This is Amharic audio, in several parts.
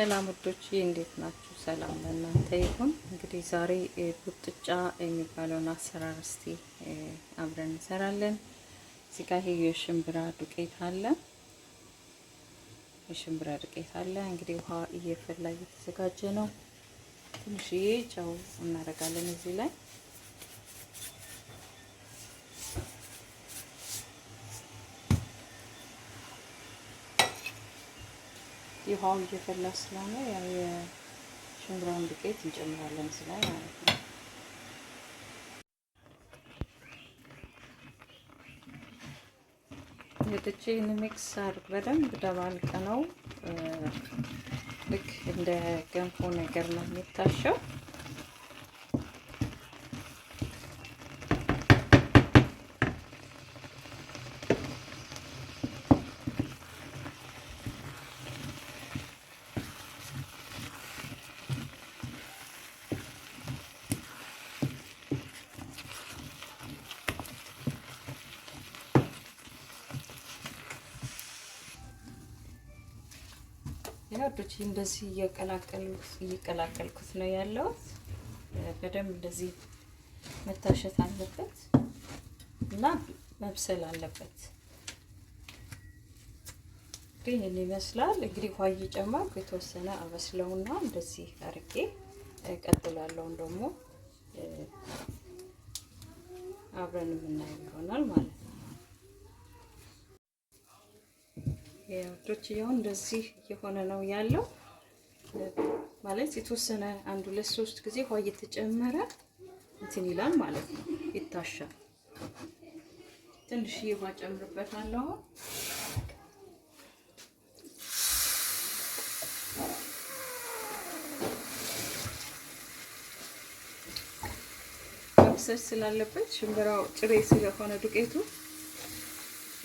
ሰላም ውዶች እንዴት ናችሁ? ሰላም ለእናንተ ይሁን። እንግዲህ ዛሬ ቡጥጫ የሚባለውን አሰራር እስቲ አብረን እንሰራለን። እዚህ ጋ ይሄ የሽምብራ ዱቄት አለ፣ የሽምብራ ዱቄት አለ። እንግዲህ ውሃ እየፈላ እየተዘጋጀ ነው። ትንሽዬ ጨው እናደርጋለን እዚህ ላይ ውሃው እየፈላ ስለሆነ ያው የሽምብራውን ዱቄት እንጨምራለን ስላይ ማለት ነው። የጥጭ ይህን ሚክስ አድርግ በደንብ ደባልቀ ነው። ልክ እንደ ገንፎ ነገር ነው የሚታሸው። ያዶች እንደዚህ እየቀላቀልኩት ነው ያለው። በደንብ እንደዚህ መታሸት አለበት እና መብሰል አለበት። እንግዲህ ይህን ይመስላል። እንግዲህ ውሃ እየጨመርኩ የተወሰነ አበስለውና እንደዚህ አርጌ ቀጥላለውን ደግሞ አብረን የምናየው ይሆናል ማለት ነው። ልጆች እንደዚህ እየሆነ ነው ያለው። ማለት የተወሰነ አንድ ሁለት ሶስት ጊዜ ውሃ እየተጨመረ እንትን ይላል ማለት ነው፣ ይታሻል። ትንሽዬ ውሃ ጨምርበታለሁ። መብሰል ስላለበት ሽምብራው ጭሬ ስለሆነ ዱቄቱ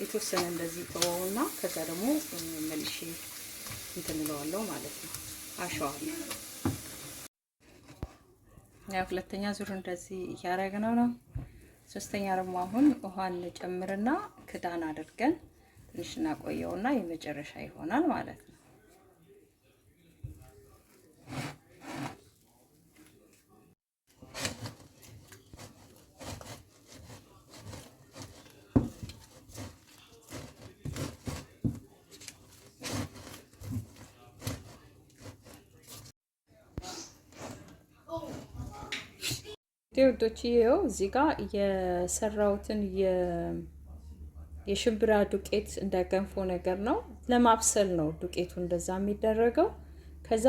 የተወሰነ እንደዚህ ተወውና ከዛ ደግሞ መልሼ እንትን ማለት ነው። አሸዋለሁ። ያው ሁለተኛ ዙር እንደዚህ እያደረግነው ነው። ሶስተኛ ደግሞ አሁን ውሃን ጨምርና ክዳን አድርገን ትንሽ እናቆየውና የመጨረሻ ይሆናል ማለት ነው። ውዶች ይኸው እዚህ ጋር የሰራሁትን የሽምብራ ዱቄት እንደገንፎ ነገር ነው ለማብሰል ነው ዱቄቱ እንደዛ የሚደረገው። ከዛ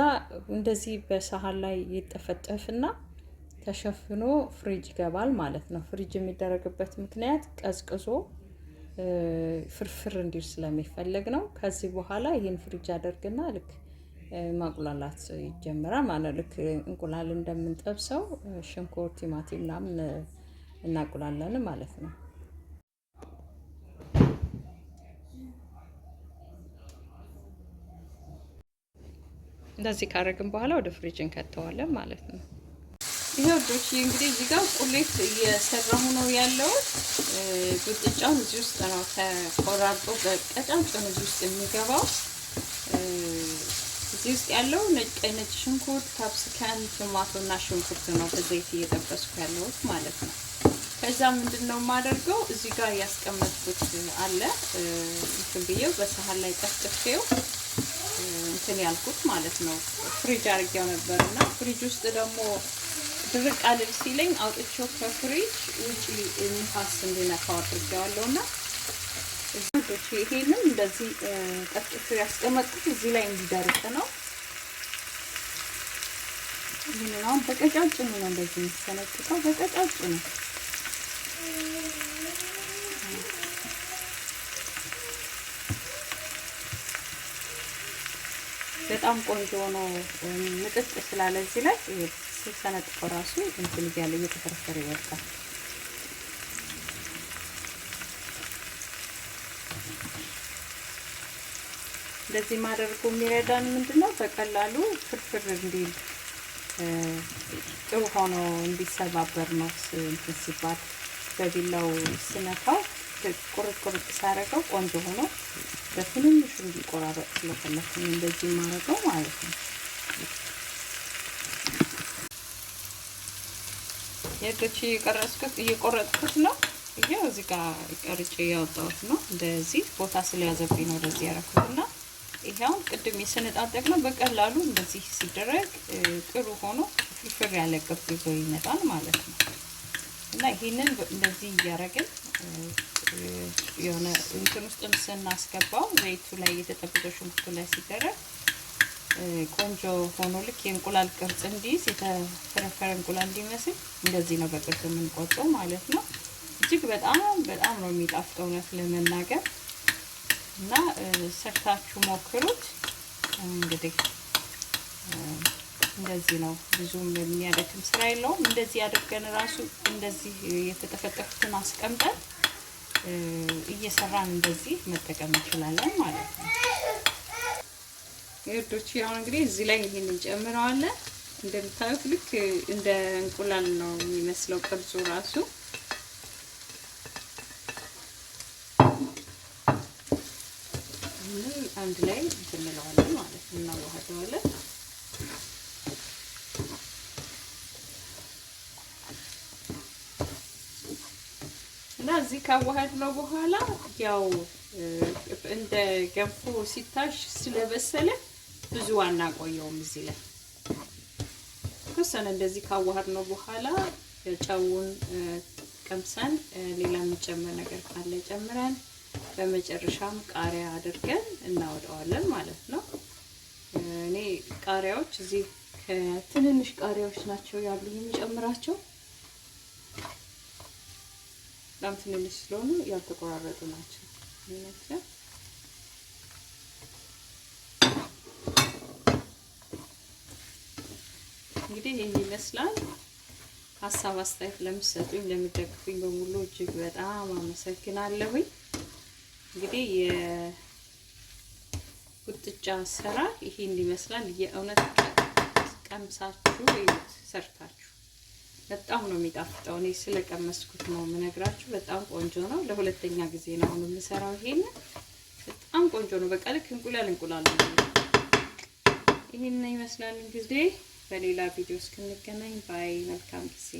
እንደዚህ በሳህን ላይ ይጠፈጠፍና ተሸፍኖ ፍሪጅ ይገባል ማለት ነው። ፍሪጅ የሚደረግበት ምክንያት ቀዝቅዞ ፍርፍር እንዲል ስለሚፈለግ ነው። ከዚህ በኋላ ይህን ፍሪጅ አደርግና ልክ ማቁላላት ይጀምራል ማለት ልክ እንቁላል እንደምንጠብሰው ሽንኩርት፣ ቲማቲም ምናምን እናቁላለን ማለት ነው። እንደዚህ ካደረግን በኋላ ወደ ፍሪጅ እንከተዋለን ማለት ነው። ይሄ ወዶች እንግዲህ እዚህ ጋር ቁሌት እየሰራሁ ነው ያለው። ጉጥጫውን እዚህ ውስጥ ነው ተቆራርጦ በቀጫጭን እዚህ ውስጥ የሚገባው እዚህ ውስጥ ያለው ነጭ ነጭ ሽንኩርት፣ ካፕሲካም፣ ቶማቶ እና ሽንኩርት ነው። በዘይት እየጠበስኩ ያለሁት ማለት ነው። ከዛ ምንድን ነው የማደርገው እዚህ ጋር ያስቀመጥኩት አለ እንትን ብዬው በሳህን ላይ ጠፍጥፌው እንትን ያልኩት ማለት ነው። ፍሪጅ አድርጌው ነበር እና ፍሪጅ ውስጥ ደግሞ ድርቅ አልል ሲለኝ አውጥቼው ከፍሪጅ ውጪ ንፋስ እንዲነካው አድርጌዋለሁ እና ውዶች ይሄንን እንደዚህ ጠፍጥፍ ያስቀመጥኩት እዚህ ላይ እንዲደርቅ ነው። ይህን ይህንናውን በቀጫጭኑ ነው እንደዚህ የሚሰነጥቀው በቀጫጭኑ በጣም ቆንጆ ሆኖ ምጥጥ ስላለ እዚህ ላይ ስሰነጥቀው ራሱ እንትን እያለ እየተፈረፈረ ይወጣል። እንደዚህ ማድረጉ የሚረዳን ምንድን ነው? በቀላሉ ፍርፍር እንዲል ጥሩ ሆኖ እንዲሰባበር ነው። እንትን ሲባል በቢላው ስነካው ቁርጥ ቁርጥ ሳረገው ቆንጆ ሆኖ በትንንሹ እንዲቆራረጥ ስለፈለኩኝ እንደዚህ ማድረገው ማለት ነው። የቶች እየቀረጽኩት እየቆረጥኩት ነው። ይሄው እዚህ ጋር ቀርጬ እያወጣሁት ነው። እንደዚህ ቦታ ስለያዘብኝ ነው ወደዚህ ያደረኩትና ይሄው ቅድም የሰነጣጠቅ ነው። በቀላሉ እንደዚህ ሲደረግ ጥሩ ሆኖ ፍርፍር ያለ ቅርጽ ይዞ ይመጣል ማለት ነው እና ይሄንን እንደዚህ እያደረግን የሆነ እንትን ውስጥ ስናስገባው ዘይቱ ላይ የተጠበቀ ሽንኩርቱ ላይ ሲደረግ ቆንጆ ሆኖ ልክ የእንቁላል ቅርጽ እንዲይዝ የተፈረፈረ እንቁላል እንዲመስል እንደዚህ ነው በቅርጽ የምንቆጠው ማለት ነው። እጅግ በጣም በጣም ነው የሚጣፍጠው እውነት ለመናገር እና ሰርታችሁ ሞክሩት። እንግዲህ እንደዚህ ነው። ብዙም የሚያደክም ስራ የለውም። እንደዚህ አድርገን ራሱ እንደዚህ የተጠፈጠፉትን አስቀምጠን እየሰራን እንደዚህ መጠቀም እንችላለን ማለት ነው። እርዶቹ አሁን እንግዲህ እዚህ ላይ ይህን እንጨምረዋለን። እንደምታዩት ልክ እንደ እንቁላል ነው የሚመስለው ቅርጹ ራሱ አንድ ላይ እንለዋለን ማለት ነው። እናዋህደዋለን። እና እዚህ ካዋሃድ ነው በኋላ ያው እንደ ገንፎ ሲታሽ ስለበሰለ ብዙ ዋና ቆየውም እዚህ ላይ ተወሰነ እንደዚህ ካዋሃድ ነው በኋላ ጨውን ቀምሰን ሌላ የሚጨመር ነገር ካለ ጨምረን በመጨረሻም ቃሪያ አድርገን እናወጣዋለን ማለት ነው። እኔ ቃሪያዎች እዚህ ከትንንሽ ቃሪያዎች ናቸው ያሉ የሚጨምራቸው በጣም ትንንሽ ስለሆኑ ያልተቆራረጡ ናቸው። እንግዲህ ይህ ይመስላል። ሀሳብ አስተያየት ለምትሰጡኝ ለምትደግፉኝ በሙሉ እጅግ በጣም አመሰግናለሁኝ። እንግዲህ የጉጥጫ አሰራር ይሄን ይመስላል። የእውነት ቀምሳችሁ ይዩት ሰርታችሁ በጣም ነው የሚጣፍጠው። እኔ ስለቀመስኩት ነው የምነግራችሁ። በጣም ቆንጆ ነው። ለሁለተኛ ጊዜ ነው አሁን የምሰራው ይሄን። በጣም ቆንጆ ነው። በቃ ልክ እንቁላል እንቁላል ነው። ይሄን ይመስላል እንግዲህ። በሌላ ቪዲዮ እስክንገናኝ ባይ። መልካም ጊዜ